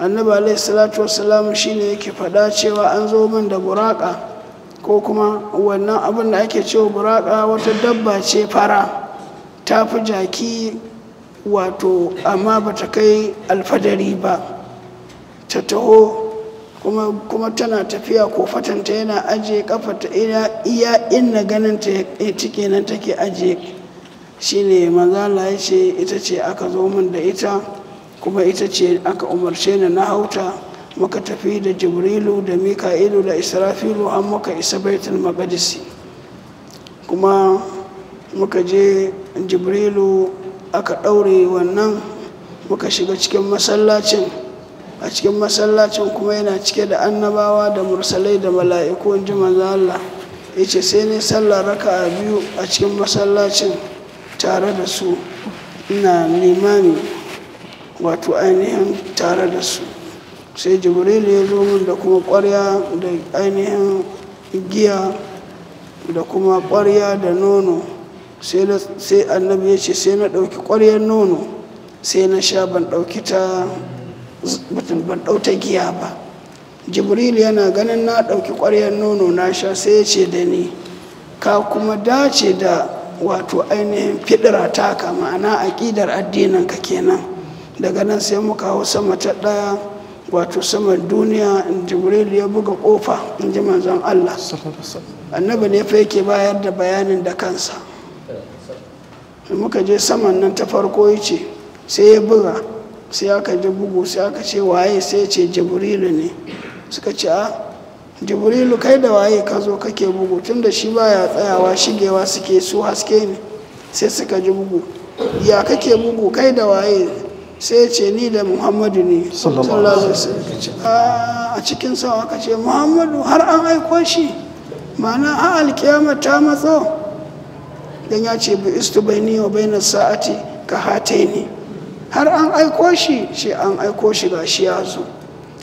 annabi alaihi salatu wassalam shine yake faɗa cewa an zo min da buraka ko kuma wannan abin da ake cewa buraka wata dabba ce fara ta fi jaki wato amma ba ta kai alfadari ba ta taho kuma, tana tafiya ko fatanta yana ajiye kafata iya inna ganin ta cike nan take ajiye shine manzala ya ce ita ce aka zo min da ita kuma ita ce aka umarce ni na hauta muka tafi da jibrilu da mika'ilu da israfilu an muka isa baitul maqdisi kuma muka je jibrilu aka ɗaure wannan muka shiga cikin masallacin a cikin masallacin kuma yana cike da annabawa da mursalai da mala'iku in ji Allah yace sai ne sallah raka biyu a cikin masallacin tare da su ina limami wato ainihin tare da su sai jibril ya zo min da kuma ƙwarya da ainihin giya da kuma ƙwarya da nono sai annabi ya ce sai na ɗauki ƙwaryar nono sai na sha ban ɗauki ta ban ɗauta giya ba jibril yana ganin na ɗauki ƙwaryar nono na sha sai ya ce da ni ka kuma dace da wato ainihin fidira taka ma'ana aƙidar ka kenan daga nan sai muka hau sama ta ɗaya wato saman duniya jibril ya buga ƙofa in ji manzon allah annabi ne fa yake bayar da bayanin da kansa muka je saman nan ta farko yace ce sai ya buga sai aka ji bugu sai aka ce waye sai ya ce jibrilu ne suka ce a ah, jibrilu kai da waye ka zo kake bugu tun da shi baya tsayawa shigewa suke su haske ne sai suka ji bugu ya kake bugu kai da waye sai ce ni da muhammadu ne sallallahu alaihi ah, a cikin sawa ka ce muhammadu har an aiko shi mana a alkiyama ta matso dan ya ce bi istu bai ni wa bai sa'ati ka hatai ne har an aiko shi shi an aiko shi ga shi ya zo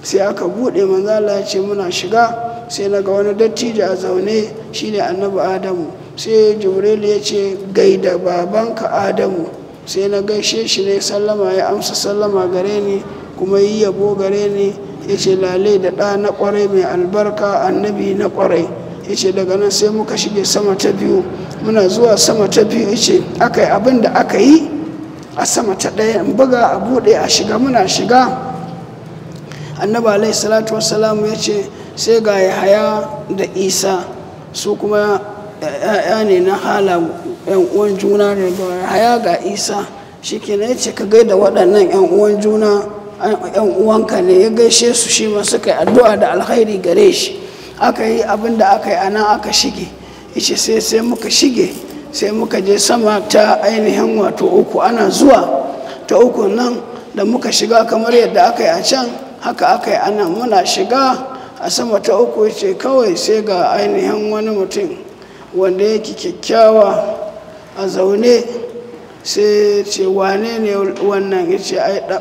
sai aka buɗe manzala ya ce muna shiga sai na ga wani dattijo a zaune shine annabi adamu sai jibril ya ce gaida babanka adamu sai na gaishe shi ne sallama ya amsa sallama gare ni kuma yi yabo gare ni ya ce lalai da ɗa na ƙwarai mai albarka annabi na ƙwarai ya ce daga nan sai muka shige sama ta biyu muna zuwa sama ta biyu ya ce aka yi abin da aka yi a sama ta ɗaya in buga a buɗe a shiga muna shiga annabi alaihi salatu wassalamu ya ce sai ga yahaya da isa su kuma ya ne na hala yan uwan juna da haya ga isa shi ke na ce ka gaida waɗannan yan uwan juna yan uwanka ne ya gaishe su shi ma suka yi addu'a da alkhairi gare shi aka yi abin da aka yi a nan aka shige ishe sai sai muka shige sai muka je sama ta ainihin wato uku ana zuwa ta uku nan da muka shiga kamar yadda aka yi a can haka aka yi a nan muna shiga a sama ta uku ce kawai sai ga ainihin wani mutum wanda yake kyakkyawa a zaune sai ce wane ne wannan ya ce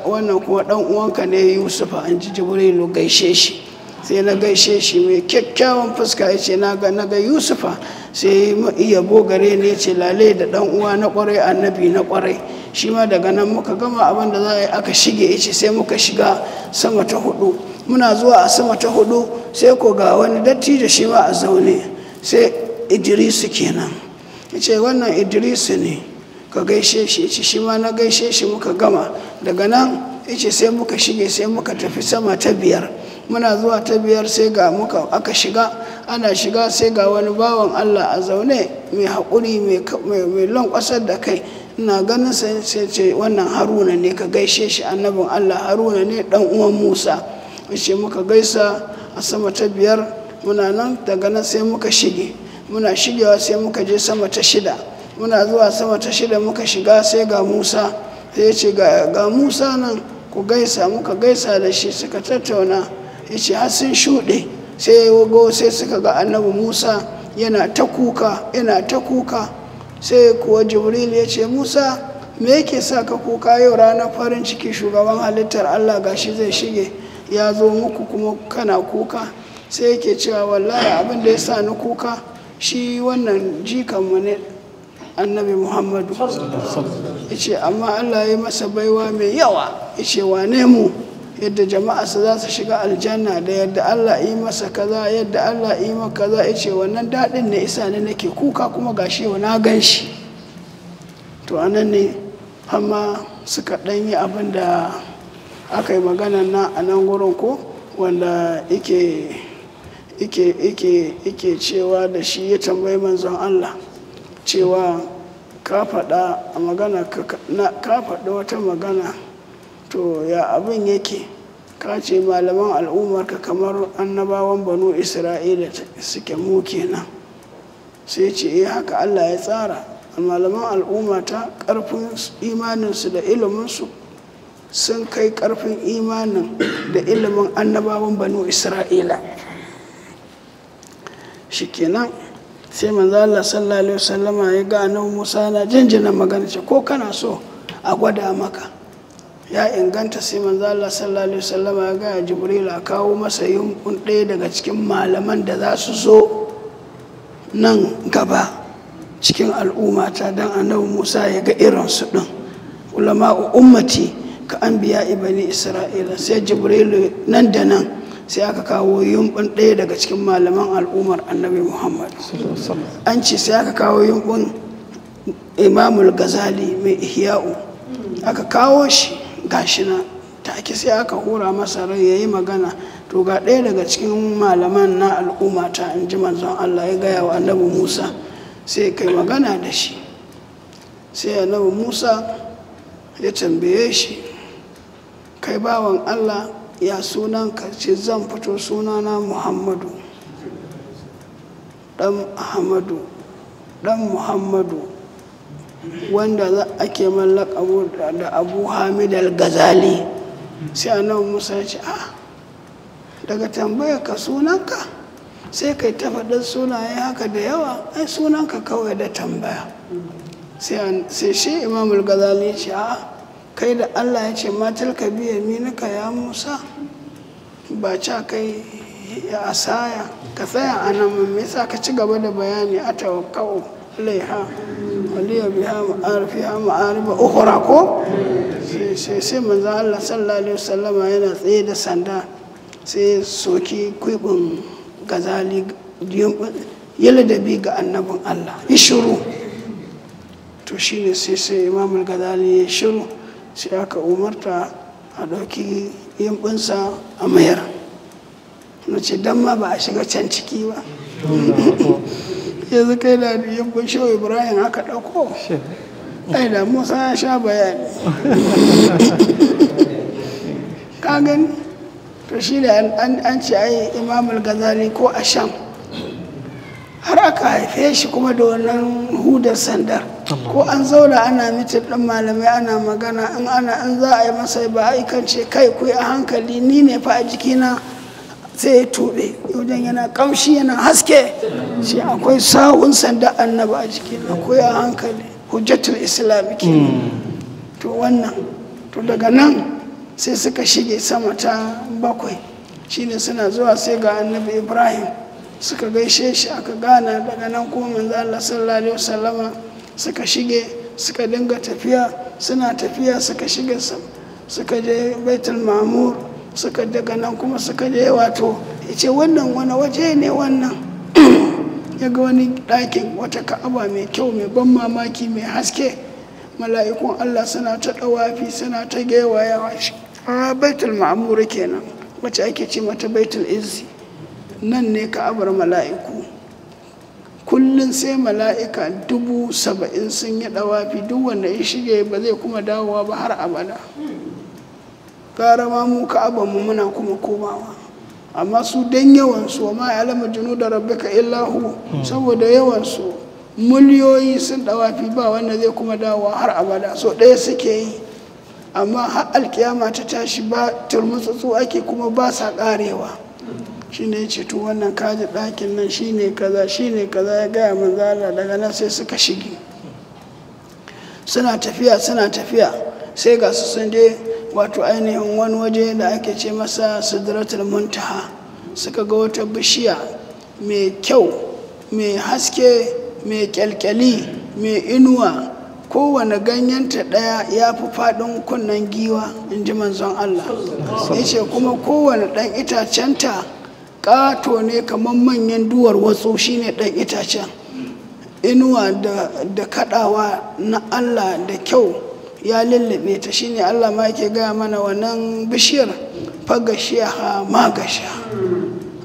wannan kuma dan uwanka ne yusufa an ji jibrilu gaishe shi sai na gaishe shi mai kyakkyawan fuska ya ce na ga yusufa sai iya bogare ne ce lale da dan uwa na kwarai annabi na kwarai shi ma daga nan muka gama abin da za a yi aka shige ya ce sai muka shiga sama ta hudu muna zuwa a sama ta hudu sai ko ga wani dattijo shi ma a zaune sai idrisu kenan ta ce wannan idrisu ne ka gaishe shi ce shi ma na gaishe shi muka gama daga nan ce sai muka shige sai muka tafi sama ta biyar muna zuwa ta biyar sai ga muka aka shiga ana shiga sai ga wani bawan allah a zaune mai haƙuri mai lankwasar da kai na ganin sai ce wannan haruna ne ka gaishe shi annabin allah haruna ne dan uwan musa ce muka gaisa a sama ta biyar muna nan daga nan sai muka shige muna shigewa sai muka je sama ta shida muna zuwa sama ta shida muka shiga sai ga musa sai ya ce ga musa nan ku gaisa muka gaisa da shi suka tattauna ya ce har sun shuɗe sai ya wago sai suka ga annabi musa yana ta kuka yana ta kuka sai kuwa jibril ya ce musa me yake sa ka kuka yau ranar farin ciki shugaban halittar allah gashi zai shige ya zo muku kuma kana kuka sai yake cewa wallahi abin da ya sa ni kuka shi wannan jikanmu ne annabi muhammadu ce amma allah ya masa baiwa mai yawa ce wane mu yadda jama'a su za su shiga aljanna da yadda allah yi masa kaza yadda allah yi maka kaza ya ce wannan daɗin na isa ne nake kuka kuma gashi na gan shi to anan ne amma suka yi abin da aka yi magana na a nan gurin ko wanda yake yake cewa da shi ya tambayi manzon Allah cewa ka faɗa wata magana to ya abin yake ka ce malaman al'ummarka kamar annabawan banu isra'ila suke mu kenan sai ce eh haka Allah ya tsara A malaman al'ummata ƙarfin imaninsu da iliminsu sun kai ƙarfin imanin da ilimin annabawan banu isra'ila shikenan sai manzo Allah sallallahu alaihi wasallama ya ga nan Musa na jinjina magana ce ko kana so a gwada maka ya inganta sai manzo Allah sallallahu alaihi wasallama ya ga Jibril a kawo masa yunkun ɗaya daga cikin malaman da za su zo nan gaba cikin al'ummata dan annabi Musa ya ga irin su ɗin ulama'u ummati ka an biya ibani isra'ila sai jibrilu nan da nan sai aka kawo yumbin ɗaya daga cikin malaman al'ummar annabi muhammad an ce sai aka kawo yumbin imamul gazali mai ihya'u aka kawo shi gashina take sai aka hura masa rai ya yi magana to ga ɗaya daga cikin malaman na al'umma ta in ji manzon allah ya gaya wa annabi musa sai kai magana da shi sai annabi musa ya tambaye shi kai bawan allah ya sunanka ce zan fito sunana muhammadu dan ahmadu dan muhammadu wanda ake mallaka da abu hamid al-ghazali sai nan musa ya ce a ah, daga tambaya ka sunanka sai kai tafaɗin sunaye haka da yawa ai sunanka kawai da tambaya sai shi imamul gazali ce a ah, kai da allah ya ce matal ka biya minika ya musa ba ca kai ya asaya ka tsaya a nan me yasa ka ci gaba da bayani a tawakkau laiha waliya biha ya ma'arifa ukura ko sai sai manzo allah sallallahu alaihi yana tsaye da sanda sai soki kwibin gazali ya ladabi ga annabin Allah ishiru shiru to shine sai sai imamul gazali ya shiru sai aka umarta a ɗauki yimbinsa a mayar na ce don ma ba a shiga can ciki ba yanzu kai da yimbin shi ibrahim aka ɗauko ai da musa ya sha bayani ka gani to shi da an ce ai imamul gazali ko a sham har aka haife shi kuma da wannan hudar sandar ko an zauna ana mitin ɗin malamai ana magana in ana an za a yi masa ba a ikance kai ku a hankali ni ne fa a jikina sai ya tuɓe wajen yana kamshi yana haske shi akwai sahun sanda annaba a jikina ku a hankali hujjatul islamiki ke hmm. to wannan to daga nan sai suka shige sama ta bakwai shine suna zuwa sai ga annabi ibrahim suka gaishe shi aka gana daga nan kuma manzo Allah sallallahu alaihi wasallama suka shige suka dinga tafiya suna tafiya suka shige suka je baitul mamur suka daga nan kuma suka je wato ya ce wannan wani waje ne wannan ya ga wani ɗakin wata ka'aba mai kyau mai ban mamaki mai haske mala'ikun allah suna ta ɗawafi suna ta gewaya a baitul mamur kenan wacce ake ce mata baitul izzi nan ne ka'abar mala'iku kullum sai mala'ika dubu saba'in sun yi ɗawafi duk wanda ya shige ba zai kuma dawowa ba har abada gara ma mu ka mu muna kuma komawa amma su don yawansu wa ma alama junu da rabbika illahu hmm. saboda yawansu miliyoyi sun ɗawafi ba wanda zai kuma dawowa har abada so ɗaya suke yi amma har alkiyama ta tashi ba turmutsutsu ake kuma ba sa ƙarewa shi ne ce tu wannan kaji ɗakin nan shine kaza kaza ya gaya zala daga nan sai suka shige suna tafiya suna tafiya sai ga su sun je wato ainihin wani waje da ake ce masa sidratul muntaha suka ga wata bishiya mai kyau mai haske mai kyalkyali mai inuwa kowane ta ɗaya ya fi faɗin kunnen giwa in ji manzon Allah ya ce kuma kowane ɗan itacenta ƙato ne kamar manyan duwar wasu shine ɗan itacen inuwa da kaɗawa na allah da kyau ya lullube ta shine allah ma ke gaya mana wannan bishiyar fagashiya ha magasha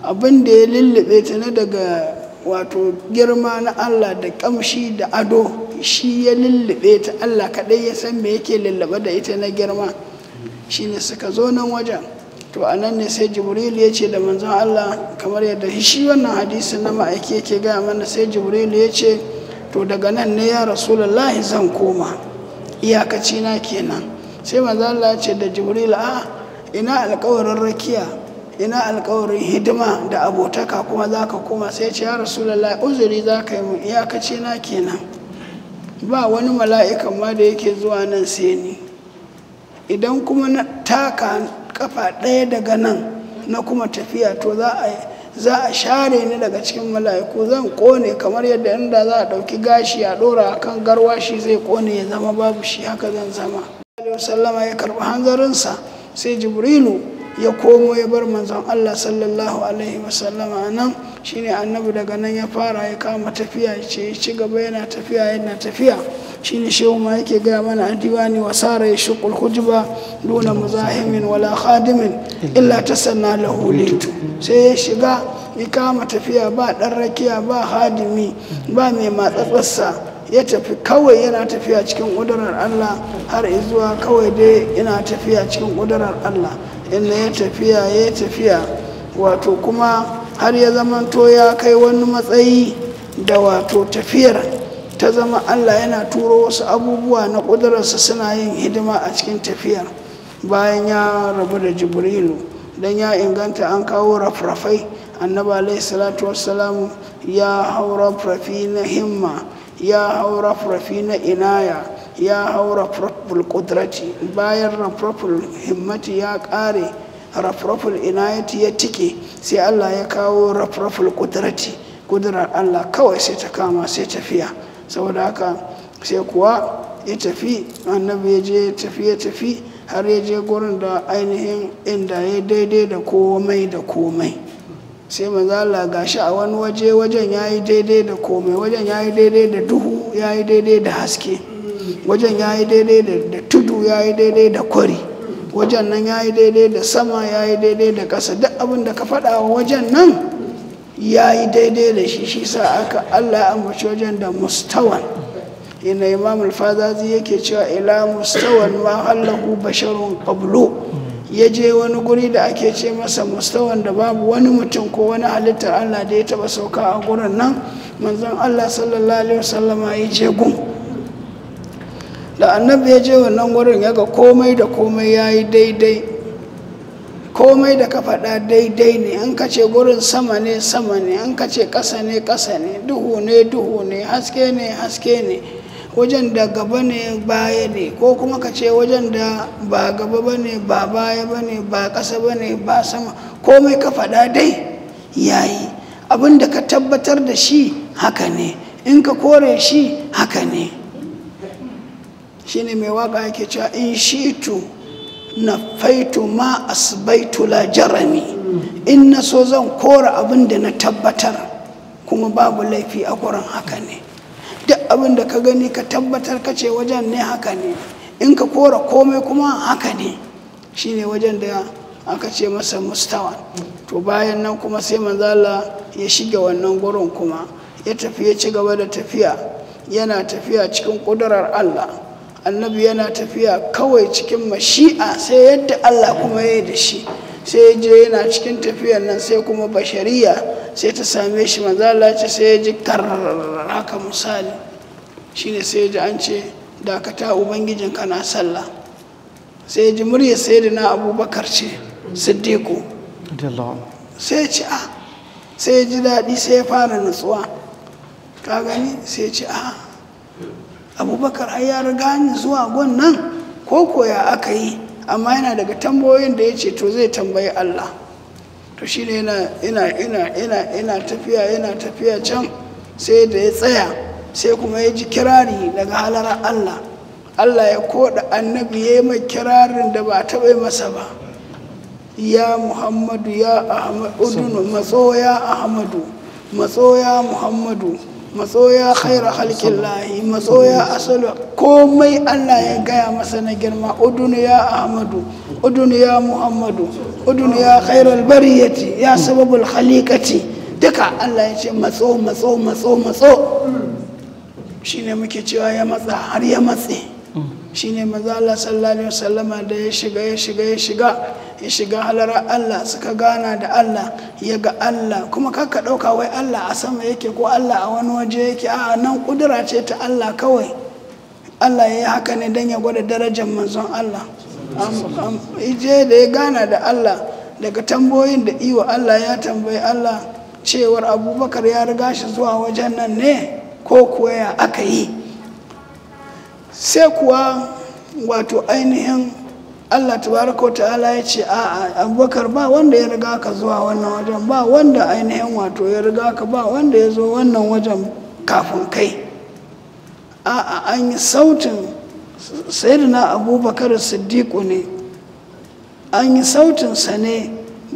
abin da ya lullube ta na daga wato girma na allah da ƙamshi da ado shi ya lullube ta allah kaɗai ya san me yake lullube da ita na girma shine suka zo nan wajen to a nan ne sai jibril ya ce da manzon allah kamar yadda shi wannan hadisi na ma'aiki yake gaya mana sai jibril ya ce to daga nan ne ya rasulullahi zan koma iyakaci na kenan sai manzon allah ya ce da jibril a ina alkawarin rakiya ina alkawarin hidima da abotaka kuma za ka koma sai ce ya rasulullahi uzuri za ka yi mu iyakaci na kenan ba wani mala'ikan ma da yake zuwa nan sai ni idan kuma na taka kafa ɗaya daga nan na kuma tafiya to za a za a share ni daga cikin mala'iku zan kone kamar yadda inda za a ɗauki gashi a ɗora a kan garwashi zai kone ya zama babu shi haka zan zama sallama ya karɓi hanzarinsa sai jibrilu ya komo ya bar manzon allah sallallahu alaihi wasallama nan shine annabi daga nan ya fara ya kama tafiya ya ce ya ci gaba yana tafiya yana tafiya shine shehu ma yake gaya mana a diwani wa sara ya shuqul hujba duna muzahimin wala khadimin illa ta sanna lahu litu sai ya shiga ya kama tafiya ba ɗan rakiya ba hadimi ba mai matsatsarsa ya tafi kawai yana tafiya cikin kudurar Allah har zuwa kawai dai yana tafiya cikin kudurar Allah inda ya tafiya ya tafiya wato kuma har ya zamanto ya kai wani matsayi da wato tafiyar ta zama allah yana turo wasu abubuwa na ƙudurarsa suna yin hidima a cikin tafiyar bayan ya rabu da jibrilu don ya inganta an kawo rafrafai annaba alaihi salatu wassalamu ya hau rafrafi na himma ya hau rafrafi na inaya ya hau rafraful kudrati bayan rafraful himmati ya ƙare rafraful inayati ya tike sai allah ya kawo rafraful kudrati kudurar allah kawai sai ta kama sai tafiya saboda haka sai kuwa ya tafi annabi ya je tafi ya tafi har ya je gurin da ainihin inda ya daidai da komai da komai sai mazala gashi a wani waje wajen ya yi daidai da komai wajen ya yi daidai da duhu ya yi daidai da haske wajen ya yi daidai da tudu ya yi daidai da kwari wajen nan ya yi daidai da sama ya yi daidai da ƙasa duk abin da ka faɗa wajen nan ya yi daidai da shi shi sa aka allah ambaci wajen da mustawan ina imam alfazazi yake cewa ila mustawan ma hallahu basharun qablu ya je wani guri da ake ce masa mustawan da babu wani mutum ko wani halittar allah da ya taba sauka a gurin nan manzon allah sallallahu alaihi wasallama ya je gun da annabi ya je wannan gurin ya ga komai da komai ya yi daidai komai da ka faɗa daidai ne an ka ce gurin sama ne sama ne an ka ce ƙasa ne ƙasa ne duhu ne duhu ne haske ne haske ne wajen da gaba ne baya ne ko kuma ka ce wajen da ba gaba ba ne ba baya ba ne ba ƙasa ba ne ba sama komai ka faɗa dai yayi abin da ka tabbatar da shi haka ne in ka kore shi haka ne shine mai waka yake cewa in shitu nafaitu ma asbaitu la jarami in na so zan kora abin da na tabbatar kuma babu laifi a gurin haka ne duk abin da ka gani ka tabbatar ka ce wajen ne haka ne in ka kora komai kuma haka ne shine wajen da aka ce masa mustawa to bayan nan kuma sai manzala ya shiga wannan gurin kuma ya tafi ya ci gaba da tafiya yana tafiya cikin ƙudurar allah annabi yana tafiya kawai cikin mashi'a sai yadda allah kuma ya yi da shi sai je yana cikin tafiyar nan sai kuma bashariya sai ta same shi manzala ce sai ya ji haka misali shine sai ya ji an ce dakata ubangijin kana sallah sai ya ji murya sai da na abubakar ce siddiku sai ya ci a ah. sai ya ji daɗi sai ya fara nutsuwa ka gani sai ya ci a ah. abubakar ai ya riga ni zuwa gwannan nan ko koya aka yi amma yana daga tambayoyin da ya ce to zai tambayi allah to shi ne yana tafiya yana tafiya can sai da ya tsaya sai kuma ya ji kirari daga halarar allah allah ya koda annabi ya yi mai kirarin da ba taɓa yi masa ba ya muhammadu ya ahmadu matso ya ahmadu matso ya muhammadu matsoya khaira halkin lahi matsoya asalu komai allah ya gaya masa na girma uduniya ahmadu uduniya muhammadu uduniya ya bariyati ya sababul halikati duka allah ya ce matso matso matso matso shine muke cewa ya matsa har ya matse shine maza Allah sallallahu alaihi da ya shiga ya shiga ya shiga ya shiga halarar Allah suka gana da Allah ya ga Allah kuma kaka ɗauka wai Allah a sama yake ko Allah a wani waje yake a nan ƙudura ce ta Allah kawai Allah ya yi haka ne don ya gwada darajar manzon Allah ije da ya gana da Allah daga tambayoyin da iwa Allah ya tambayi Allah cewar abubakar ya riga shi zuwa wajen nan ne ko kuwa ya aka yi sai kuwa wato ainihin allah tabaraka ta'ala ya ce a abubakar ba wanda ya riga ka zuwa wannan wajen ba wanda ainihin wato ya riga ka ba wanda ya zo wannan wajen kafin kai a an yi sautin sayyidina abubakar siddiqu ne an yi sautinsa ne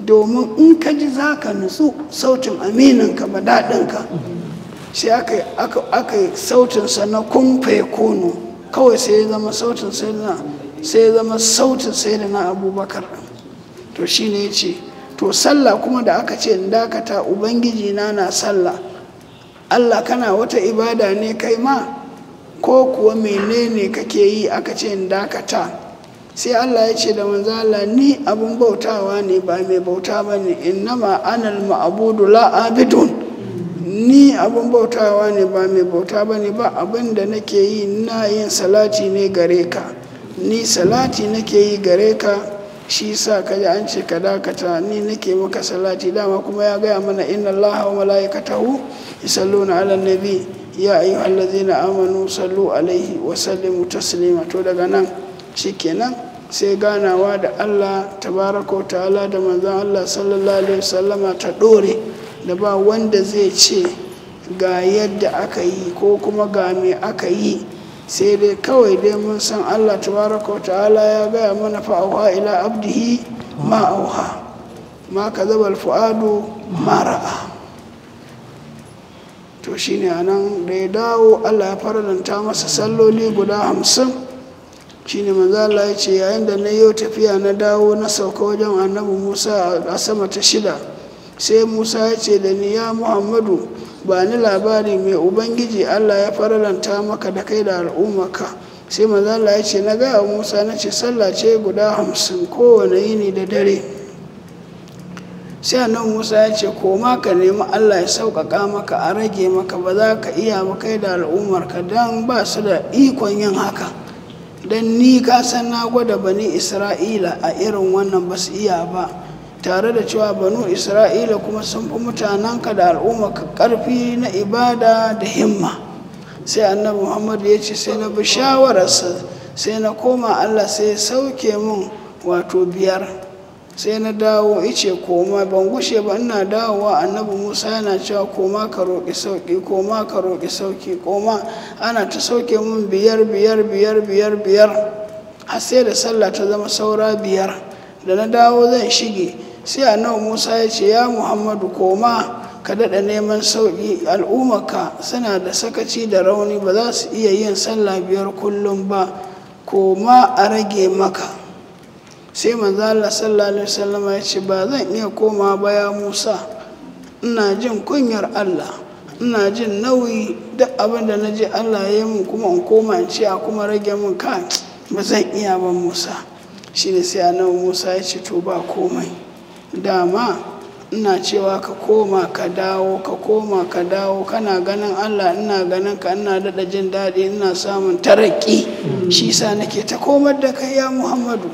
domin in ka ji za ka nutsu sautin aminanka ba daɗinka sai aka yi sa na kumfe kunu kawai sai ya zama sautin sayidina sai ya zama sautin sayidina abubakar to shi ya ce to sallah kuma da aka ce in dakata ubangiji na na sallah allah kana wata ibada ne kai ma ko kuwa menene kake yi aka ce in dakata sai allah ya ce da manzala ni abin bautawa ne ba mai bauta ba ne innama anal ma'abudu la abidun ni abin bautawa ne ba mai bauta ba ne ba abin da nake yi na yin salati ne gare ka ni salati nake yi gare ka shi sa ka ji an ce ka dakata ni nake maka salati dama kuma ya gaya mana inna allaha wa mala'ikatahu yusalluna ala nabi ya na amanu sallu alaihi wa sallimu taslima to daga nan shikenan sai ganawa da Allah tabaraka ta'ala da manzon Allah sallallahu alaihi wasallama ta dore da ba wanda zai ce ga yadda aka yi ko kuma ga me aka yi sai dai kawai dai mun san allah tabaraka wa ta'ala ya gaya mana fa'auha ila abdihi ma'auha ma ka zaba alfu'adu mara'a to shi ne a nan da ya dawo allah ya faranta masa salloli guda hamsin ne manzo Allah ya ce yayin da na yi tafiya na dawo na sauka wajen annabi musa a sama ta shida sai musa ya ce da ni ya muhammadu ba ni labari mai ubangiji allah ya faralanta maka da kai da al'ummarka sai mazala ya ce na gaya musa na ce sallah ce guda hamsin kowane yini da dare sai nan musa ya ce koma ka nemi allah ya sauƙaƙa maka a rage maka ba za ka iya ba kai da al'ummarka don ba su da ikon yin haka don ni ka san na gwada bani isra'ila a irin wannan ba su iya ba tare da cewa banu isra'ila kuma sun fi mutanenka da al'ummarka ƙarfi na ibada da himma sai annabi Muhammadu ya ce sai na bi shawararsa sai na koma allah sai sauke min, wato biyar sai na dawo ice koma ban gushe ba ina dawowa annabi musa yana cewa koma ka roƙi sauƙi koma ka roƙi sauƙi koma ana ta sauke min biyar biyar biyar biyar biyar har sai da sallah ta zama saura biyar da na dawo zan shige sai annabi musa ya ce ya muhammadu koma ka daɗa neman sauƙi al'ummarka suna da sakaci da rauni ba za su iya yin sallah biyar kullum ba koma a rage maka sai manzo Allah sallallahu alaihi ya ce ba zan iya koma ba ya musa ina jin kunyar Allah ina jin nauyi duk abin na ji Allah ya yi min kuma in koma in ce a kuma rage min kan ba zan iya ba musa shi ne sai annabi musa ya ce to ba komai dama ina cewa ka koma ka dawo ka koma ka dawo kana ganin allah ina ganin ka ina daɗa jin daɗi ina samun taraki shi sa nake ta komar da kai ya muhammadu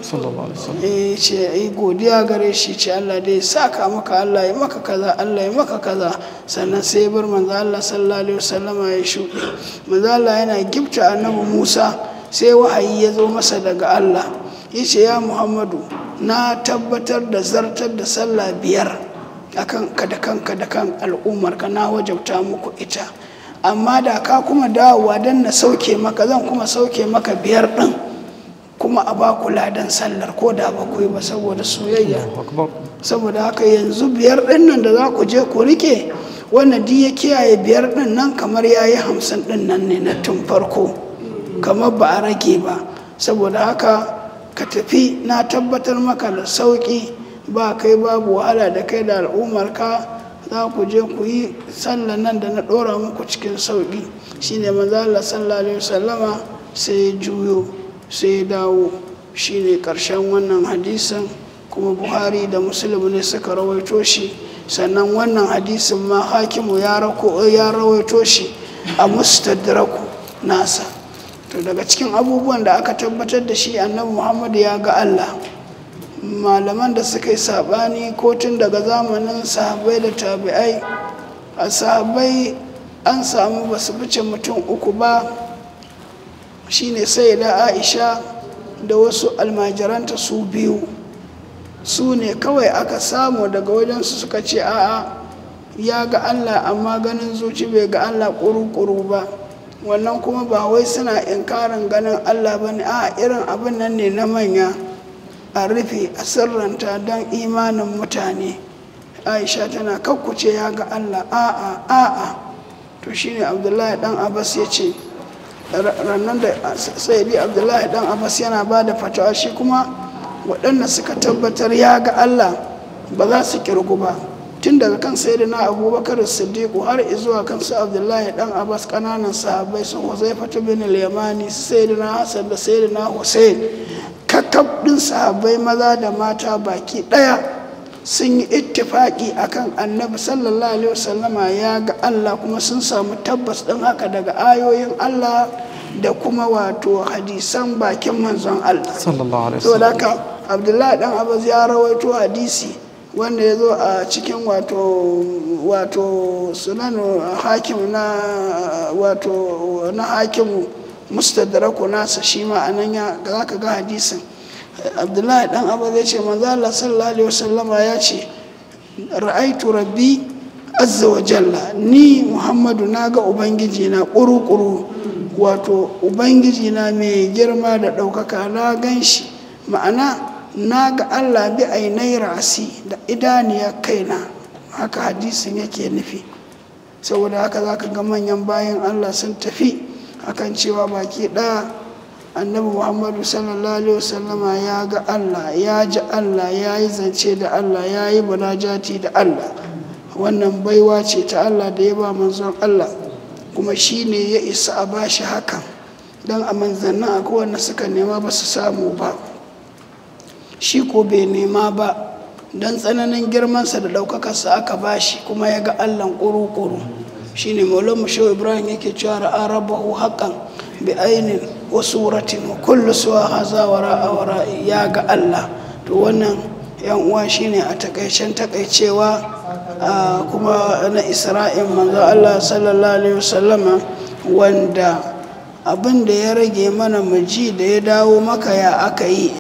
eh ce yi godiya gare shi ce allah dai sa ka maka allah ya maka kaza allah ya maka kaza sannan sai bar manzo allah sallallahu alaihi ya shuɗe manzo allah yana gifta annabi musa sai wahayi ya zo masa daga allah yace ya muhammadu na tabbatar da zartar da sallah biyar a kanka da kanka da kan al'ummarka na wajabta muku ita amma da ka kuma dawowa don na sauke maka zan kuma sauke maka biyar ɗin kuma a ba ku ladan sallar ko da ba ku yi ba saboda soyayya saboda haka yanzu biyar ɗin nan da za ku je ku rike wannan di ya kiyaye biyar ɗin nan kamar ya yi hamsin ɗin nan ne na tun farko kamar ba a rage ba saboda haka ka tafi na tabbatar maka da sauƙi ba kai babu wahala da kai da al'ummarka za ku je ku yi sallan nan da na ɗora muku cikin sauƙi shine ne Allah sallallahu alaihi sai ya juyo sai ya dawo shi ne ƙarshen wannan hadisin kuma Buhari da Muslim ne suka rawaito shi sannan wannan hadisin ma hakimu ya rawaito shi a mustadraku nasa to daga cikin abubuwan da aka tabbatar da shi annabi muhammadu ya ga allah malaman da suka yi saɓani ko tun daga zamanin sahabbai da tabi'ai a sahabbai an samu ba su fice mutum uku ba shine sai da aisha da wasu almajiranta su biyu su ne kawai aka samu daga wajensu suka ce a'a ya ga allah amma ganin zuci bai ga allah ƙuru-ƙuru ba wannan kuma ba wai suna inkarin ganin allah ba ne a irin abin nan ne na manya a rufe a sirranta don imanin mutane aisha tana kakkuce ya ga allah a'a a'a to shine abdullahi dan abbas ya ce rannan da bi abdullahi dan abbas yana ba da fatawa shi kuma waɗanda suka tabbatar ya ga allah ba za su kirgu ba tun daga kan sayyidina abubakar siddiqu har izuwa kan su abdullahi dan abbas kananan sahabai sun huzaifatu bin al-yamani sayyidina Hassan da sayyidina hussein kakkab din sahabbai maza da mata baki daya sun yi ittifaki akan annabi sallallahu alaihi wasallama ya ga Allah kuma sun samu tabbas din haka daga ayoyin Allah da kuma wato hadisan bakin manzon Allah sallallahu alaihi abdullahi dan abbas ya rawaito hadisi wanda ya zo a cikin wato wato sunan hakim na wato na hakim mustadraku nasa shi ma a nan ya za ka ga hadisin abdullahi dan abu zai ce manzo Allah sallallahu alaihi wasallama ya ce ra'aitu rabbi azza wa jalla ni muhammadu na ga ubangiji na kuru-kuru wato ubangiji na mai girma da ɗaukaka na gan shi ma'ana na ga allah bi ainai rasi da idaniya kaina haka hadisin yake nufi saboda haka za ka ga manyan bayan allah sun tafi akan cewa baki ɗaya annabi muhammadu sallallahu alaihi wasallama ya ga allah ya ji allah ya yi zance da allah ya yi munajati da allah wannan baiwa ce ta allah da ya ba manzon allah kuma shi ne ya isa a bashi hakan don a manzannin a kowanne suka nema ba su samu ba shi ko bai nema ba don tsananin girmansa da ɗaukakarsa aka ba shi kuma ya ga allan ƙuru-ƙuru shi ne maulon mashawu ibrahim yake cewa ra'a rabahu haƙan bi ainin wasu wuratin kullu suwa haza wa ra'a ya ga allah to wannan yan uwa shi ne a takaicen takaicewa kuma na isra'in manzo allah sallallahu alaihi wasallama wanda abin da ya rage mana mu da ya dawo maka ya aka yi